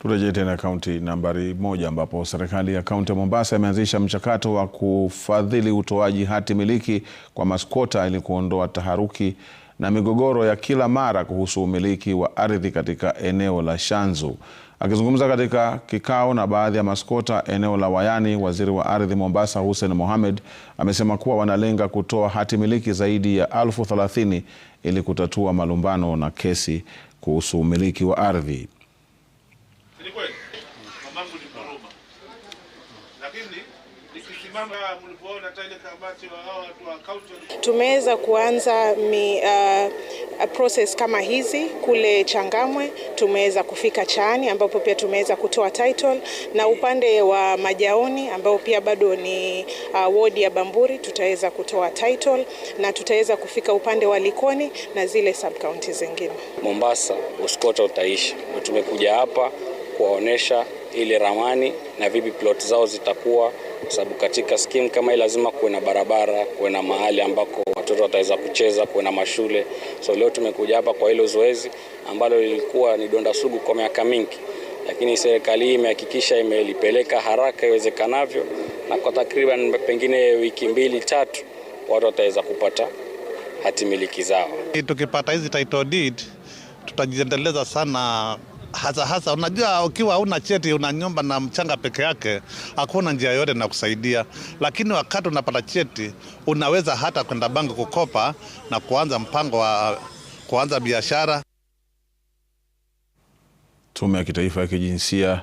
Turejee tena kaunti nambari moja ambapo serikali ya kaunti ya Mombasa imeanzisha mchakato wa kufadhili utoaji hati miliki kwa maskwota ili kuondoa taharuki na migogoro ya kila mara kuhusu umiliki wa ardhi katika eneo la Shanzu. Akizungumza katika kikao na baadhi ya maskwota eneo la Wayani, waziri wa ardhi Mombasa Hussein Mohamed amesema kuwa wanalenga kutoa hati miliki zaidi ya elfu thelathini ili kutatua malumbano na kesi kuhusu umiliki wa ardhi. Tumeweza kuanza mi, uh, process kama hizi. Kule Changamwe tumeweza kufika Chaani ambapo pia tumeweza kutoa title, na upande wa Majaoni ambao pia bado ni uh, wodi ya Bamburi tutaweza kutoa title na tutaweza kufika upande wa Likoni na zile sub county zingine. Mombasa, uskota utaisha. Tumekuja hapa kuwaonesha ile ramani na vipi plot zao zitakuwa, kwa sababu katika skimu kama hii lazima kuwe na barabara, kuwe na mahali ambako watoto wataweza kucheza, kuwe na mashule. So leo tumekuja hapa kwa hilo zoezi ambalo lilikuwa ni donda sugu kwa miaka mingi, lakini serikali hii imehakikisha imelipeleka haraka iwezekanavyo, na kwa takriban pengine wiki mbili tatu watu wataweza kupata hatimiliki zao. Tukipata hizi title deed tutajiendeleza sana hasa hasa, unajua ukiwa una cheti, una nyumba na mchanga peke yake, hakuna njia yoyote na kusaidia. Lakini wakati unapata cheti, unaweza hata kwenda banki kukopa na kuanza mpango wa kuanza biashara. Tume ya Kitaifa ya Kijinsia